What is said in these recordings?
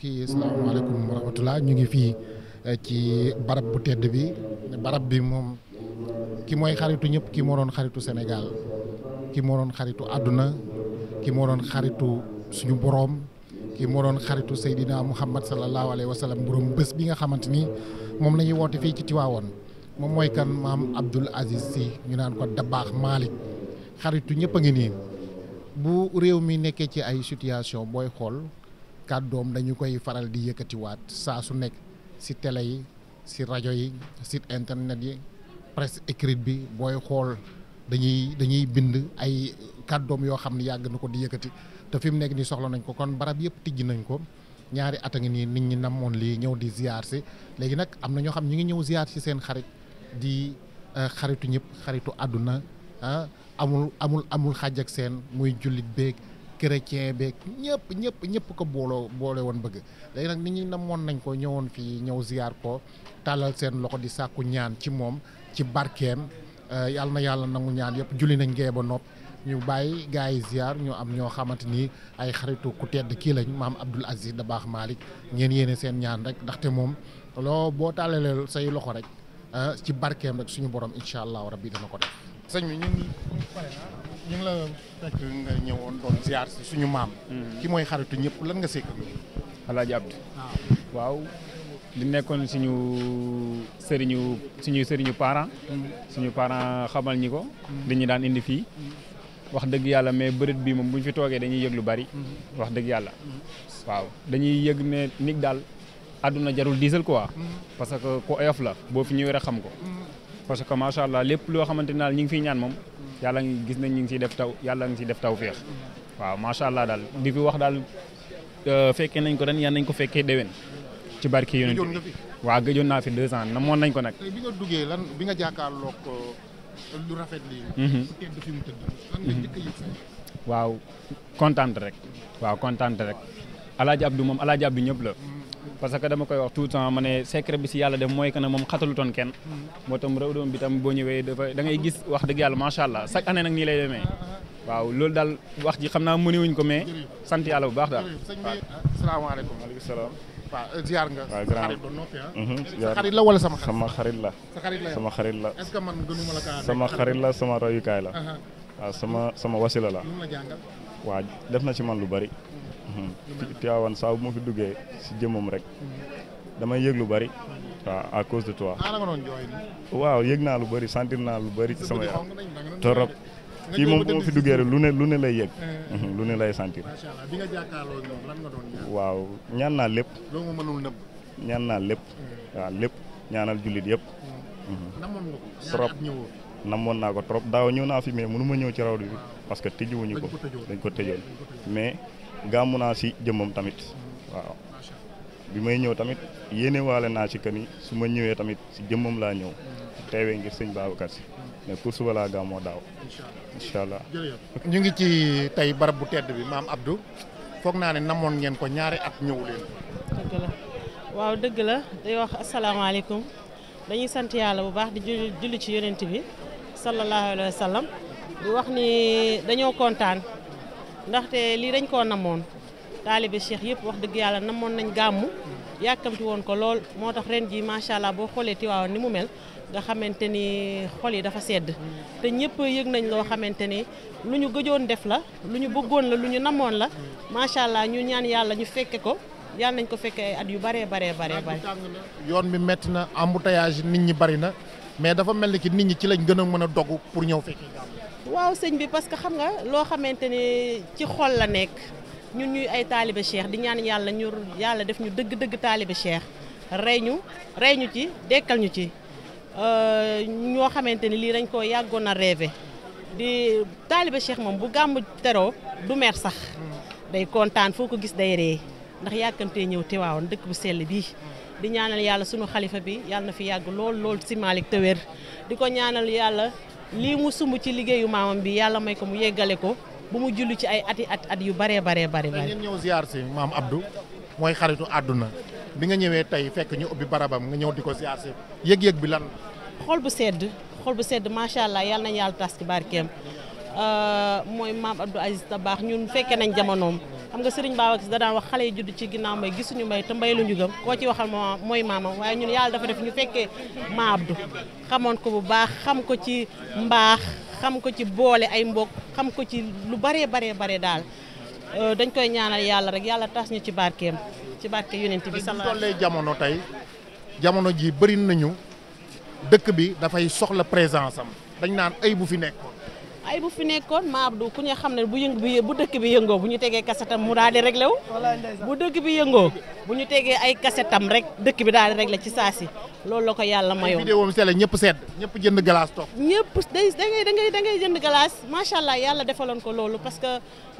mbokk yi asalaamaaleykum ñu ngi fii eh, ci barab bu tedd bi barab bi moom ki mooy xaritu ñëpp ki moo doon xaritu senegal ki moo doon xaritu àdduna ki moo doon xaritu suñu boroom ki moo doon xaritu Seydina Muhammad sallallahu alayhi wa sallam borom bés bi nga xamante ni moom la ñuy woote fii ci Tiwaawoon moom mooy kan maam Abdoul Aziz Sy ñu naan ko Dabakh Malick xaritu ñëpp a ngi nii bu réew mi nekkee ci ay situation booy xool. kàddoom dañu koy faral di yëkkatiwaat saa su nekk si tele yi si rajo yi si internet yi presque écrite bi booy xool dañuy dañuy bind ay kàddoom yoo xam ne yàgg na ko di yëkkati te fi mu nekk nii soxla nañ ko kon barab yëpp tijji nañ ko ñaari at a ngi nii nit ñi namoon lii ñëw di ziar si léegi nag am na ñoo xam ñu ngi ñëw ziar si seen xarit di eh, xaritu ñëpp xaritu àdduna ah amul amul amul xàjj ak seen muy jullit beeg. chrétien beeg ñëpp ñëpp ñëpp ko booloo boole woon bëgg léegi nag nit ñi namoon nañ ko ñëwoon fii ñëw ziar ko tàllal seen loxo di sàkku ñaan ci moom ci barkeem euh, yàlla na yàlla nangu ñaan yëpp julli nañ ngee ba nopp ñu bàyyi gars yi ziar ñu am ñoo xamante ni ay xaritu ku tedd kii lañ maam Abdoul Aziz baax Malick ngeen yéene seen ñaan rek ndaxte moom loo boo tàllalee say loxo rek euh, ci barkeem rek suñu borom incha allahu rabbi dana ko def ñu ngi la fekk suñu maam. Mm-hmm. ki mooy xaritu ñëpp lan nga seq ak ñoom. Alaaji Abdu waaw li nekkoon suñu sëriñu suñu sëriñu parent mm-hmm. suñu parent xamal ñi ko. dañuy mm-hmm. daan indi fii. wax dëgg yàlla mais bërit bi moom bu ñu fi toogee dañuy yëg lu bari. wax dëgg yàlla. waaw dañuy yëg ne nit daal àdduna jarul diisal quoi. parce que ko oyof la boo fi ñëwee rek xam ko. parce que macha allah lépp loo xamante naa daal ñu ngi fiy ñaan moom. yàlla ngi gis nañ ñu ngi siy def taw yàlla ngi siy def taw féex waaw macha allah daal di fi wax daal euh, fekkee nañ ko ren yan nañ ko fekkee déwén ci barke yonent bi waaw gëjoon naa fi deux ans na moon nañ ko nag. bi lan bi nga jàkkaarloo ko euh, lu rafet lii. ku mhm. tedd waaw kontaan rek. waaw kontaan rek. Alaaji Abdou moom Alaaji Abdou ñëpp la. Mm. parce que dama koy wax tout le temps ma ne secret bi si yàlla def mooy que ne moom xatalutoon kenn moo tam réew bi tam boo ñëwee dafa da ngay gis wax dëgg yàlla macha allah chaque année nag nii lay demee waaw loolu daal wax ji xam naa mënewuñ ko mais sant yàlla bu baax daal. asalaamaaleykum maaleykum salaam. waaw euh, ziar nga. waaw ah. mhm, la wala sama xarit. xarit la. sa xarit la sama xarit la. est sama xarit la sama royukaay la. Uh-huh. waaw sama sama wasila la. waaw def na ci man lu bari. Mm-hmm. Tivaouane saa bu ma fi duggee si jëmmam rek damay yëg lu bari waaw à cause de toi waaw yëg naa lu bari sentir naa lu bari ci sama yaram torop kii moom bu fi duggee rek lu ne lu ne lay yëg eh. mhm, lu ne lay sentir waaw ñaan naa lépp ñaan naa lépp eh. waaw lépp ñaanal jullit yëpp eh. mhm. trop namoon naa ko trop daaw ñëw naa fi mais mënu ma ñëw ci raw bi parce que tëjuwuñu ko dañ ko tëjoon mais gàmmu naa si jëmmam tamit waaw bi may ñëw tamit yéene waale naa ci que su ma ñëwee tamit si jëmmam laa ñëw hmm. teewee ngir sëñ Babacar si mais pour suba laa gàmmoo daaw incha allah. ñu ngi ci tay barab bu tedd bi maam Abdou foog naa ne namoon ngeen ko ñaari at ñëw leen. dëgg la waaw dëgg la day wax asalaamaaleykum dañuy sant yàlla bu baax di julli ci yonent bi sallallahu alayhi wa di wax ni dañoo kontaan. ndaxte lii dañ koo namoon taalibe cheikh yëpp wax dëgg yàlla namoon nañu gàmmu yàkkamti woon ko lool moo tax ren ji macha allah boo xoolee Tiwaawan ni mu mel nga xamante ni xol yi dafa sedd te ñëpp yëg nañ loo xamante ni lu ñu gëjoon def la lu ñu bëggoon la lu ñu namoon la macha allah ñu ñaan yàlla ñu fekke ko yàlla nañ ko fekke ay at yu baree baree baree bare yoon bi metti na embouteillage nit ñi bari na mais dafa mel ni ki nit ñi ci lañ gën a mën a dogu pour ñëw fi waaw sëñ bi parce que xam nga loo xamante ni ci xol la nekk ñun ñuy ay taalibe cheikh di ñaan yàlla ñu yàlla def ñu dëgg-dëgg taalibe cheikh rey ñu rey ñu ci dekkal ñu ci euh, ñoo xamante ni lii dañ koo yàggoon a rêvé di taalibe cheikh moom bu gàmm teroo du meer sax. Mm. day kontaan foo ko gis day ree ndax yàkkamtee ñëw Tiwaawan dëkk bu sell bii. di ñaanal yàlla sunu xalifa bi yàlla na fi yàgg lool lool si Malick te wér di ko ñaanal yàlla lii mu sumb ci liggéeyu maamam bi yàlla may ko mu yeggale ko bu mu julli ci ay ati at at yu baree baree bari bari ñëw ziar si maam Abdou mooy xaritu àdduna bi nga ñëwee tey fekk ñu ubbi barabam nga ñëw di ko ziar si yëg-yëg bi lan xol bu sedd xol bu sedd macha allah yàlla nañ yàlla tas ci barkeem euh, mooy maam Abdou Aziz Dabakh ñun fekkee nañ jamonoom xam nga Serigne baa Sy da daan wax xale yi judd ci ginnaaw mbay gisuñu mbay te mbay lu ñu koo ci waxal moo mooy maamam waaye ñun yàlla dafa def ñu fekkee ma Abdou xamoon ko bu baax xam ko ci mbaax xam ko ci boole ay mbokk xam ko ci lu baree baree bare daal euh, dañ koy ñaanal yàlla rek yàlla taas ñu ci barkeem ci barke yonent bi sallallahu alayhi jamono tey jamono ji bëri nañu dëkk bi dafay soxla présence dañ naan ay bu fi nekk ay bu fi nekkoon Maabdou ku ñu xam ne bu yëngu bi bu dëkk bi yëngoo bu ñu tegee kasetam mu daal di réglé bu dëkk bi yëngoo bu ñu tegee ay kasetam rek dëkk bi daal di réglé ci saa si loolu loo ko yàlla mayoon vidéo am seetla ñëpp seet ñëpp jënd glace toog ñëpp day da ngay da ngay da ngay jënd glace macha allah yàlla defaloon ko loolu parce que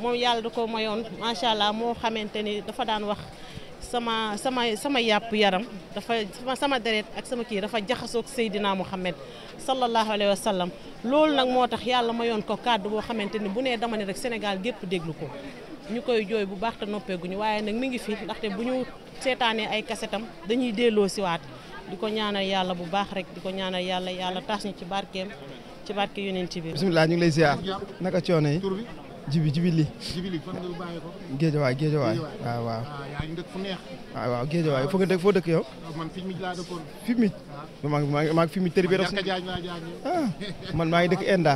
moom yàlla da ko mayoon macha allah moo xamante ni dafa daan wax sama sama sama yàpp yaram dafa sama deret ak sama kii dafa jaxasoog Seydina Muhammad sallallahu alayhi wa sallam loolu nag moo tax yàlla ma yoon ko kàddu boo xamante ni bu nee dama ne rek Sénégal gépp déglu ko ñu koy jooy bu baax te noppeeguñu waaye nag mi ngi fi ndaxte bu ñu seetaanee ay kasetam dañuy delloo siwaat di ko ñaanal yàlla bu baax rek di ko ñaanal yàlla yàlla taas ñu ci barkeem ci barke yonent bi bismillah ñu ngi lay ziar naka coono yi jibi jibi li jibi li fan nga bàyyi ko géejawaay waaw waaw ah, yaa ngi dëkk fu neex waaw waaw géejawaay foo nga dëkk foo dëkk yow ah, man fi mi laa dëkkoon fi mi ah. maa ngi maa ngi fi mi tëri bi rek man maa ngi dëkk Enda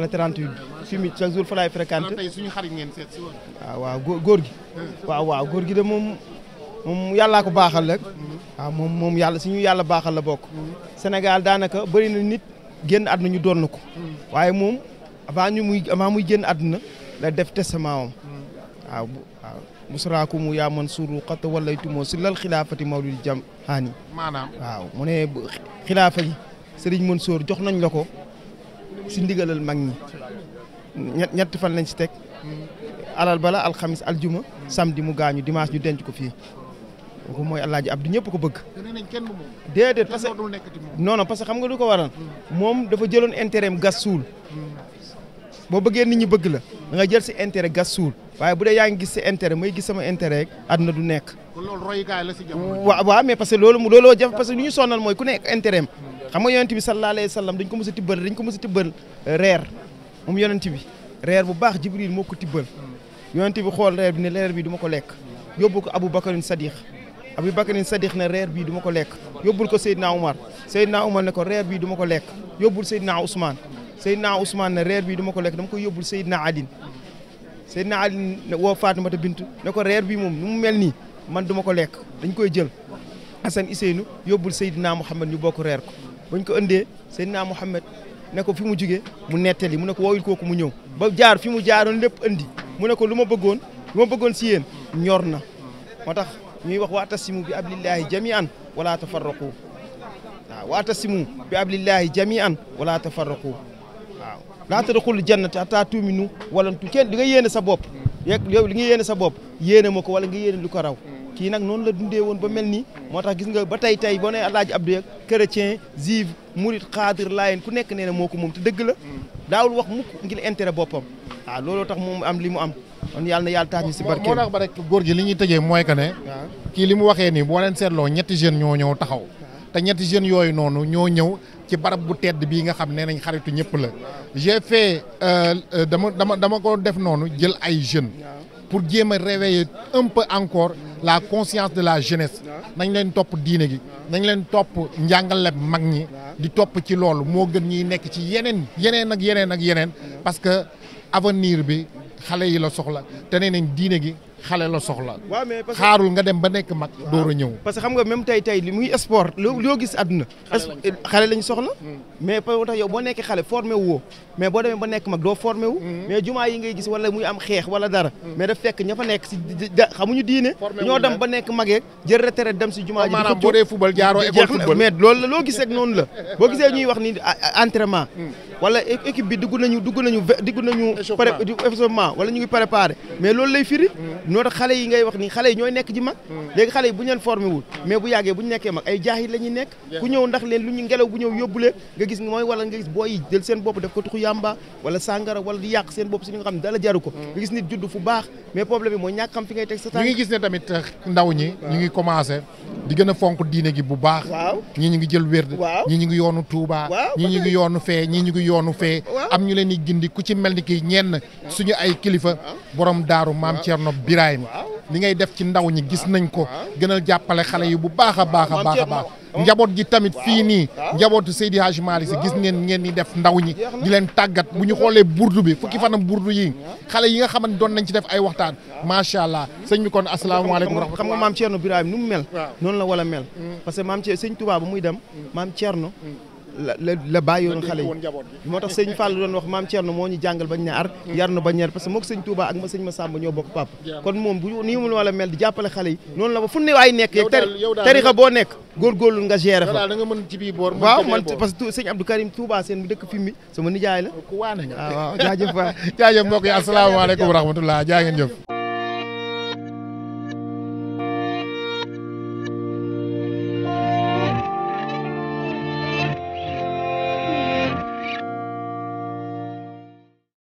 la 38 fi mi chaque jour fa laay fréquenté tey suñu ngeen seet si woon waaw waaw góor gi waaw waaw góor gi de moom moom yàllaa ko baaxal rek waaw mm-hmm. moom moom yàlla suñu yàlla baaxal la bokk mm-hmm. Sénégal daanaka bëri na nit génn àdduna ñu doon na ko mm-hmm. waaye moom avant ñu muy avant muy génn àdduna la def testament am hmm. waaw waaw busraaku mu yaa man suuru xat wala tumoo si lal xilaafati mawlidi jam haani maanaam waaw mu ne xilaafa yi Sëriñ Mansour jox nañ la ko si ndigalal mag ñi ñett ñett fan lañ si teg hmm. alal bala alxamis aljuma samedi mu gaañu dimanche ñu denc ko fii kooku mooy Alaaji Abdu ñëpp ko bëgg déedéet parce que non non xam nga lu ko waral hmm. moom dafa jëloon intérêt am suul boo bëggee nit ñi bëgg la da nga jël si intérêt gas suul waaye bu dee yaa ngi gis si intérêt may gis sama intérêt rek du nekk. kon loolu royukaay la si jamono. waaw waaw parce que loolu looloo jafe parce que lu ñu sonnal mooy ku nekk intérêt am xam nga yonent bi sallallahu alayhi wa sallam ko mos a tibbal dañ a tibbal euh, reer moom yonent bi reer bu baax Jibril moo ko tibbal yonent bi xool reer bi ne reer bi du ma ko lekk yóbbu ko Abu Bakarin Sadiq Abu Bakarin Sadiq ne reer bii du ko lekk yóbbul ko Seydina Omar Seydina Omar ne ko reer bii du ma ko lekk yóbbul Seydina Ousmane Seydina Ousmane ne reer bii du ma ko lekk dama koy yóbbul Seydina Alin Seydina Alin woo Faatumata Bintu ne ko reer bii moom nu mu mel nii man du ma ko lekk dañ koy jël Assane Iseynu yóbbul Seydina Mouhamed ñu bokk reer ko bañ ko ëndee Seydina Mouhamed ne ko fi mu jugee mu nettali mu ne ko woowil kooku mu ñëw ba jaar fi mu jaaroon lépp andi mu ne ko lu ma bëggoon lu ma bëggoon si yéen ñor na moo tax ñuy wax waatasimu bi ablillahi jamian wala tafarraqu waaw waatasimu bi ablillahi jamian wala tafarraqu laa tadxulul jannata hattaa tu'minu wala tu kenn di nga yéene sa bopp yeeg yow li nga yéene sa bopp yéene ma ko wala nga yéene lu ko raw kii nag noonu la dundee woon ba mel nii moo tax gis nga ba tey tey boo nee Alaaji Abdou yeeg chrétien juif murit xaadir laayeen ku nekk nee na moo ko moom te dëgg la daawul wax mukk ngir intérêt boppam waaw ah, looloo tax moom am li mu am kon yàlla na yàlla tax ñu si barke moo tax ba rek góor li ñuy tëjee mooy que ne ah. kii li mu waxee nii boo leen seetloo ñetti jeunes ñoo ñëw taxaw te ñetti jeunes yooyu noonu ñoo ñëw ci barab bu tedd bii nga xam ne nañ xaritu ñëpp la j'ai euh, dama dama dama ko def noonu jël ay jeunes pour jéem a réveiller un peu encore la conscience de la jeunesse nañ leen topp diine gi nañ leen topp njàngale mag ñi di topp ci loolu moo gën ñuy nekk ci yeneen yeneen ak yeneen ak yeneen parce que avenir bi xale yi la soxla te nee nañ diine gi xale la soxla. waaw mais parce xaarul nga dem ba nekk mag. door a ñëw. parce que xam nga même tey tey li muy sport loo gis àdduna. xale lañ soxla. mais parce que yow boo nekkee xale formé woo mais boo demee ba nekk mag doo formé mm-hmm. mais jumaa yi ngay gis wala muy am xeex wala dara. Mm-hmm. mais daf fekk ña fa nekk si xamuñu diine. ñoo dem ba nekk mag yeeg jël retraite dem si jumaa ji. maanaam boo dee football jaaroo école football mais loolu loo gis rek noonu la boo gisee ñuy wax ni entraînement. Mm. wala équipe bi dugg nañu dugg nañu dugg nañu wala ñu ngi préparé mais loolu lay firi noo mm-hmm. wax nii xale yi ñooy nekk ji mag mm-hmm. léegi xale yi bu ñu leen formé mais bu yàggee bu nekkee mag ay jaaxit la ñuy nekk ku ñëw ndax leen lu ñu ngelaw bu ñëw yóbbu leen nga gis bopp def ko tuxu yàmba wala sàngara wala bopp si li nga xam ne dala jaru ko mm-hmm. nga gis nit judd fu baax mais problème bi mooy ñàkk xam fi ngay teg sa tànk ñu ngi gis ne tamit euh, ndaw ñi ñu ngi commencé di a fonk diine gi bu baax ñii ñu ngi jël wérd ñii ñu ngi yoonu Tuuba ñii ñu ngi yoonu fee ñii ñu yoonu fee am ñu leen di gindi ku ci mel ni kii ñenn suñu ay kilifa boroom daaru maam Thierno Birahim li ngay def ci ndaw ñi gis nañ ko gënal jàppale xale yi bu baax a baax a a baax oh. njaboot gi tamit fii nii njabootu Seydi Hadji Malick gis ngeen ngeen di def ndaw ñi di leen tàggat bu ñu xoolee burdu bi fukki fanam burdu yi xale yi nga xaman doon nañ ci def ay waxtaan macha allah sëñ bi kon asalaamaaleykum wa xam nga maam Thierno Birahim ni mu mel noonu la wala mel mm. parce que maam Thierno sëñ Touba muy dem mm. maam la la bàyyoon xale yi moo tax sëñ Fall doon wax maam Thierno moo ñu jàngal bañ ne ar hmm. yar nu bañ yar parce que mook sëñ ak ma sëñ Massamba ñoo bokk pap kon moom bu nii mu wala mel di jàppale xale yi noonu la ba fu ne waay nekk yeeg boo nekk góorgóorlu nga gérer fa waaw man parce que sëñ Abdou Karim Touba seen mu dëkk fi mi sama nijaay la ah, waaw waaw jaajëf mbokk yi asalaamaaleykum wa rahmatullah jaa jëf